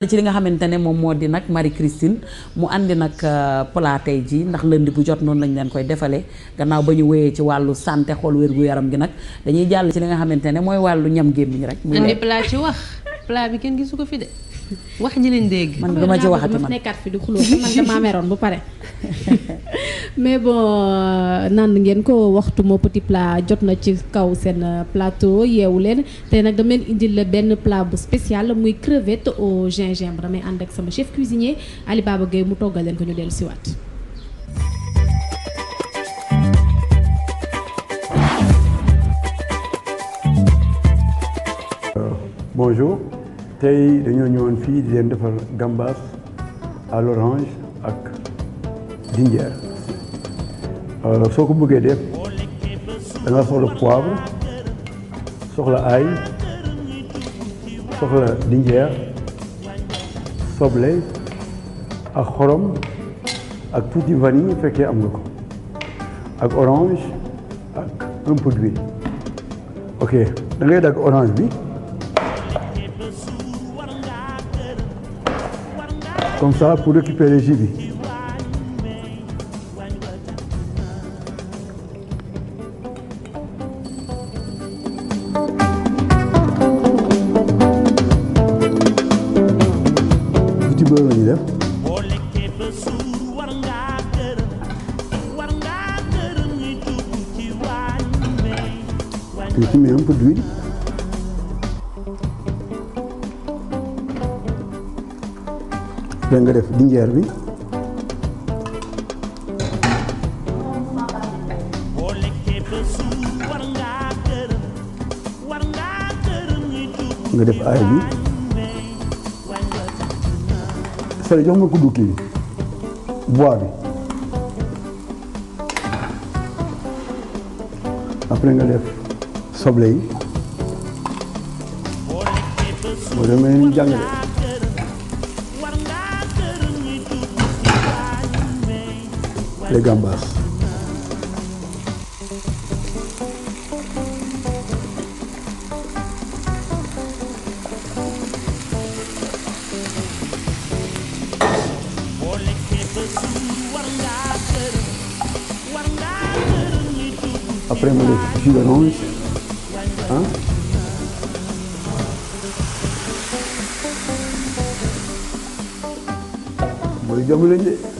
ci li nga xamante ne moom moo di nag Marie Christine mu àndi nag euh, plat tey jii ndax lënd bu jot noonu lañ leen koy defalee gannaaw ba ñu wéyee ci wàllu santé xool wér gu yaram gi nag dañuy jàll ci li nga xamante ne mooy wàllu ñam gémmiñ rek. mu andi ci wax plat bi kenn gisu ko fi de. wax ji lañ dégg. man dama ci waxati man nekkaat fi di xuloo man damaa meroon bu pare. mais bon euh, naan ngeen ko waxtu moo petit plat jot na ci kaw seen euh, plateau yeewu leen tey nag dama leen la benn plat bu spécial muy crevette au gingembre damay ànd ak sama chef cuisinier Ali Baba mu toggal leen ko ñu dellu siwaat euh, bonjour. tey dañoo ñëwoon fii di leen defal gambas à l'orange ak dinjeer euh, soo ko bëggee def da nga soxla poivre soxla ail soxla dinjeer soble ak xorom ak tuuti vanille fekkee am nga ko ak orange ak un peu ok da dagg orange bi comme ça pour récupérer jus bi ci beurre la ñuy def tuuti mais un peu d'huile dégg nga def dinjeer bi def aay bi sare jox ma kuddu kii bois bi après nga def soble yi boo demee ni jàngale les Gambas. Après, mu def jus d'orange ah. mooy jàmm lañ de.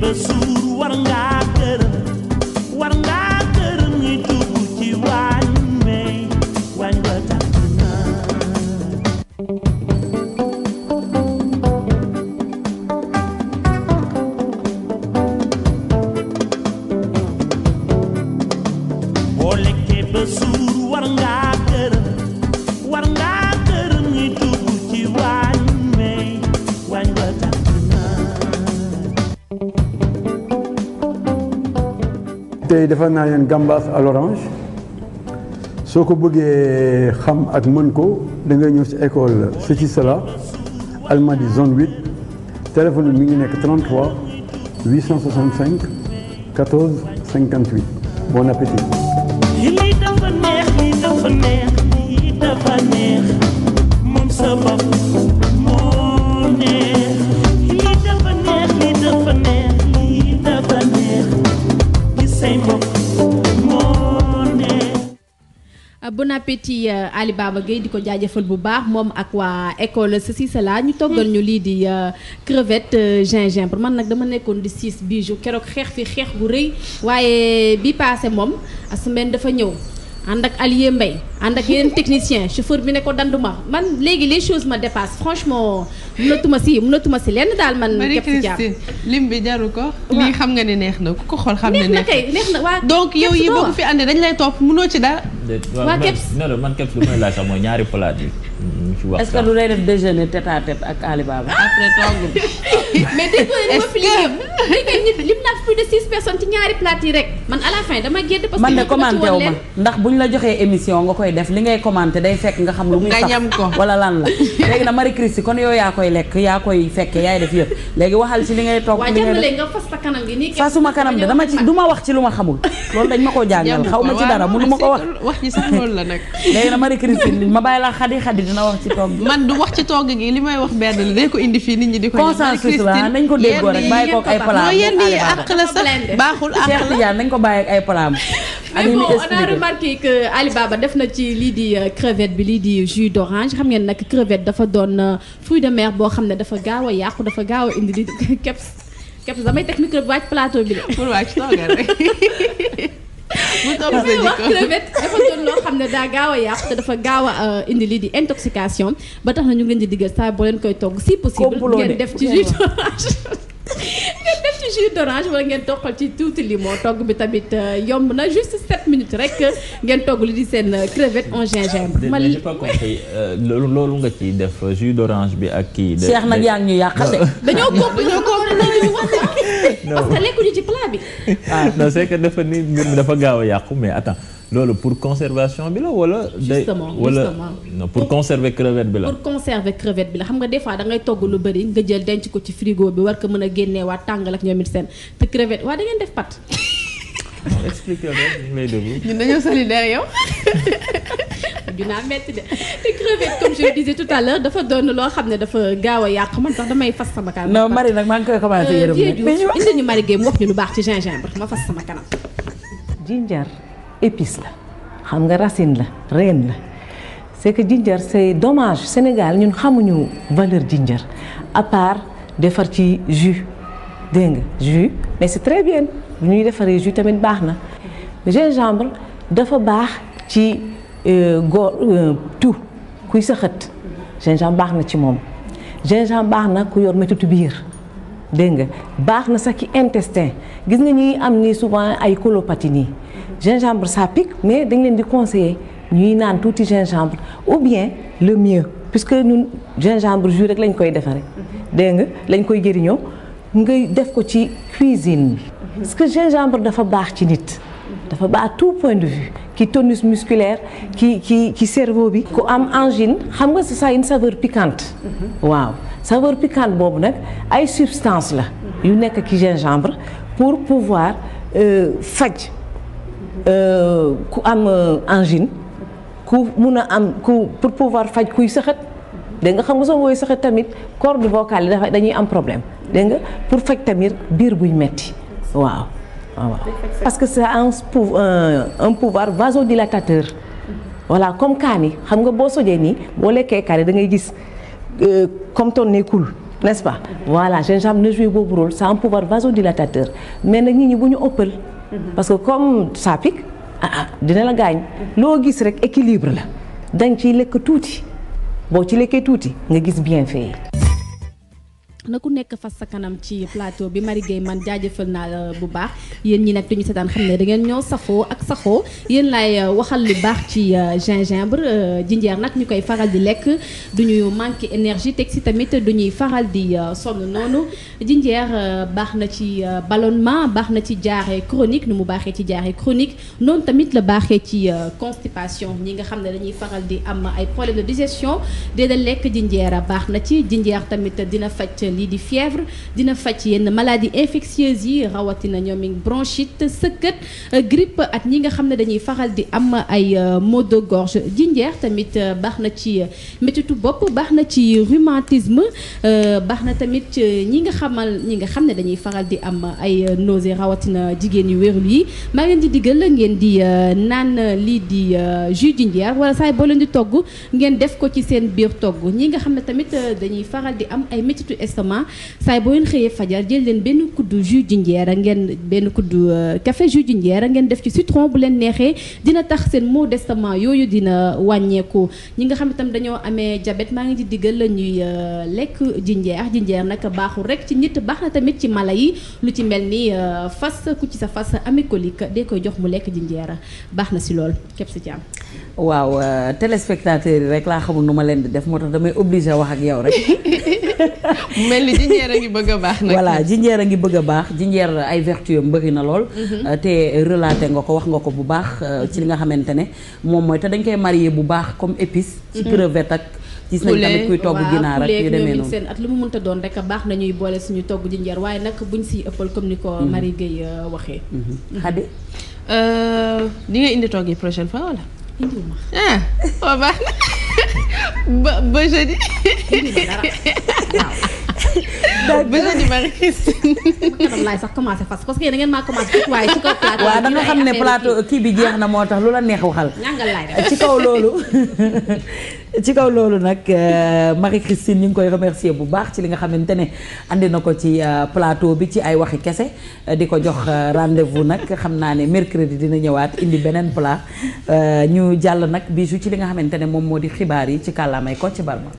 ba suur war ngaa gërëm war ngaa gërëm ñi dugg ci waañ wey waañ ba tàkk na boo lekkee ba suur war ngaa tey defar naa leen gambas à l'orange soo ko bëggee xam ak mën ko da ngay ñëw si école ceci cela Almadies zone 8 téléphone bi mi ngi nekk 33 865 14 58 bon appétit. dafa neex moom sa bon appétit euh, Ali Baba Gueye di ko jaajëfal bu baax moom ak waa école ceci cela ñu toggal ñu lii di euh, crevette euh, gingembre man nag dama nekkoon di siis bijou keroog xeex fi xeex bu rëy waaye bi passé moom a semaine dafa ñëw ànd ak Alié Mbaye ànd ak yeneen technicien chauffeur bi ne ko danduma man léegi les choses ma dépassent franchement mënatuma si mënatuma si lenn daal man. képp si jàpp lim bi jaru ko. lii xam nga ne neex na ku ko xool xam ne neex na kay neex na waa donc yow ci dara. déet waaw man non non man képp lu may laaj sax ñaari palaat yi. ci est-ce du lay def déjeuner tête à tête ak Ali Baba. Ah! après togg yi rek man à la dama gédd. parce wu ma ndax bu ñu la joxee émission nga koy def li ngay commenté day fekk nga xam lu muy. nga ñam ko wala lan la. léegi na Marie Christi kon yow yaa koy lekk yaa koy fekkee yaay def yëpp léegi waxal ci li ngay togg. li ngay def nga fas sa kanam gi nii. fasuma kanam de dama ci du ma wax ci lu ma xamul loolu dañ ma ko jàngal xaw ma ci dara mënu ma ko wax. wax ji sax la nag. léegi na Marie Christi ma bàyyi la xadi xadi dina wax ci togg man du wax ci togg gi li may wax benn la dañ ko indi fii nit ñi di ko consensus la nañ ko déggoo rek bàyyi ko ay palaam yéen di àq la sax baaxul àq la Cheikh Tidiane nañ ko bàyyi ak ay palaam mais bon on a remarqué que Alibaba def na ci lii di euh, crevette bi lii di jus d'orange xam ngeen nag crevette dafa doon euh, fruit de mer boo xam ne dafa gaaw a yàqu dafa gaaw a indi li keps keps damay teg micro bi wàcc plateau bi la pour wàcc toogal rek bu wax crevette dafa doon loo xam ne daa gaaw a yàq te dafa gaaw a euh, indi lii di intoxication ba tax na ñu ngi di diggal saa boo leen koy togg si possible ngeen def ci jus d'orange jus d'orange wala ngeen toqal ci tuuti moo togg bi tamit euh, yomb na juste 7 minutes rek ngeen togg li di seen euh, crevette en gingembre. man j'ai pas compris euh, loolu nga ciy def jus d'orange bi ak kii. Cheikh nag yaa ngi ñu yàqate. dañoo kopp dañoo kopp dañoo wax parce lekkuñu ci plat bi. ah non c'est dafa ni mbir mi dafa gaaw a yàqu mais attends. loolu pour conservation bi la wala. day wala non pour conserver crevette bi la. pour conserver crevette bi la xam nga des fois da ngay togg lu bëri nga jël denc ko ci frigo bi war ko mën a waa tàngal ak ñoom it seen te crevette waa da def pat. expliqué ñu lay déglu. ñun dañoo solidaire yow. metti de te crevette comme je loo xam ne dafa gaaw a yàq man sax damay fas sama kanam. non Marie maa ngi koy commencé euh, yërëm. mais ñu wax indi ñu Marie Gueye mu wax ñu lu baax ci gingembre ma fas sama kanam. épice la xam nga racine la reine la c'est que ginger c'est dommage Sénégal ñun xamuñu valeur ginger à part defar ci jus dégg nga jus mais c'est très bien bu ñuy defaree jus tamit baax na gingembre dafa baax ci euh, góor euh, tout kuy saxat gingembre baax na ci moom gingembre baax na ku yor métitu biir dégg nga baax na sax ci intestin gis nga ñi am ni souvent ay colopathie nii gingembre ça pique mais dañ leen di conseiller ñuy naan tuuti gingembre ou bien le mieux que ñun gingembre jus rek lañ koy defaree. dégg nga lañ koy jëriñoo ngay def ko ci cuisine bi. parce que gingembre dafa baax ci nit. dafa baax tout point de vue ki tonus musculaire ki ki ki cerveau bi. ku am angine xam nga si ça une saveur piquante. waaw saveur piquante boobu nag ay substance la. yu nekk ci gingembre pour pouvoir euh, faj. Euh, ku am engine euh, ku mun a am ku pour pouvoir faj kuy sëxat dégg xam nga soo woy sëxat tamit corde vocale yi dafa dañuy am problème dégg nga pour faj tamit biir buy metti waaw parce que c'est un un pouvoir vasodilatateur voilà comme kaani xam nga boo sojee nii boo lekkee kaani da ngay gis euh, comme ton ne n'est-ce pas voilà gingembre ne joue boobu rôle c'est un pouvoir vasodilatateur mais nag nit ñi bu ñu ëppal Mhm. parce que comme ça pique ah, ah dina la gaañ. loo gis rek équilibre la danga ciy lekk tuuti boo ci lekkee tuuti nga gis bien yi. na ku nekk fas sa kanam ci plateau bi Marie Gueye man jaajëfal naa euh, bu baax yéen ñi nag duñu seetaan xam ne da ngeen ñoo safoo ak saxoo yéen laay euh, waxal lu baax ci euh, gingembre jinjeer nag ñu koy faral di lekk duñu manqué énergie teg si tamit duñuy faral di sonn noonu jinjeer baax na ci ballonnement baax na ci diarrhée chronique nu mu baaxee ci diarrhée chronique noonu tamit la baaxee ci constipation ñi nga xam ne dañuy faral di am ay problème de digestion déedéet lekk jinjeer baax na ci jinjeer tamit dina faj lii di fièvre dina faj yenn maladies infectieuses yi rawatina ñoom i bronchite sëkkët grippe ak ñi nga xam ne dañuy faral di am ay euh, maux de gorge jinjeer tamit euh, baax na ci euh, métitu bopp baax na ci rhumatisme baax na tamit ñi nga xamal ñi nga xam ne dañuy faral di am ay nausées rawatina jigéen yu wérul yi maa ngeen di diggal ngeen di naan lii di jus jinjeer wala saay boo leen di togg ngeen def ko ci seen biir togg ñi nga xam ne tamit dañuy faral di am ay métitu directement saay boo leen xëyee fajar jël leen benn kuddu jus jinjeer a ngeen benn kuddu kafe euh, jus jinjeer a ngeen def ci siton bu leen neexee dina tax seen maux d'estomac yooyu dina wàññeeku ñi nga xam itam dañoo amee jabet maa ngi di diggal la ñuy euh, lekk jinjeer jinjeer nag baaxul rek ci nit baax na tamit ci mala yi lu ci mel ni euh, fas ku ci sa fas amee colique dee koy jox mu lekk jinjeer baax na si lool képp si ci am waaw téléspectateurs yi rek laa xamul nu ma leen di def moo tax damay obligé wax ak yow rek mel ni jinjeer a ngi bëgg a baax nag voilà jinjeer a ngi bëgg a baax jinjeer ay vertu am bëri na lool mhm. euh, te relaté nga ko wax nga ko bu baax euh, ci li nga xamante ne moom mooy te dañ koy marier bu baax comme épice ci mhm. crevette ak gis nañ tamit kuy togg ginaar ak yu demee seen at lu mu mënta doon rek baax nañuy boole suñu togg jinjeer waaye nag buñ si ëppal comme ni ko mhm. Marie Gueye euh, waxee xadi di nga indi togg yi prochaine fois wala indiwuma ah baax na ba ba jeudi. besoin de Marie Christine. kanam laay sax commencé fas parce que yéen da ngeen maa commencé fukk waaye ci kaw ne plateau kii bi jeex na moo tax lu la neex waxal. ci kaw loolu. ci kaw loolu nag euh, Marie Christine ñu ngi koy remercier bu baax ci li nga xamante ne andi na ko ci euh, plateau bi ci ay waxi kese euh, di ko jox rendez-vous nag xam naa ne mercredi dina ñëwaat indi beneen plat ñu jàll nag bisu ci li nga xamante ne moom moo di xibaar yi ci kàllaamay Kocc Barma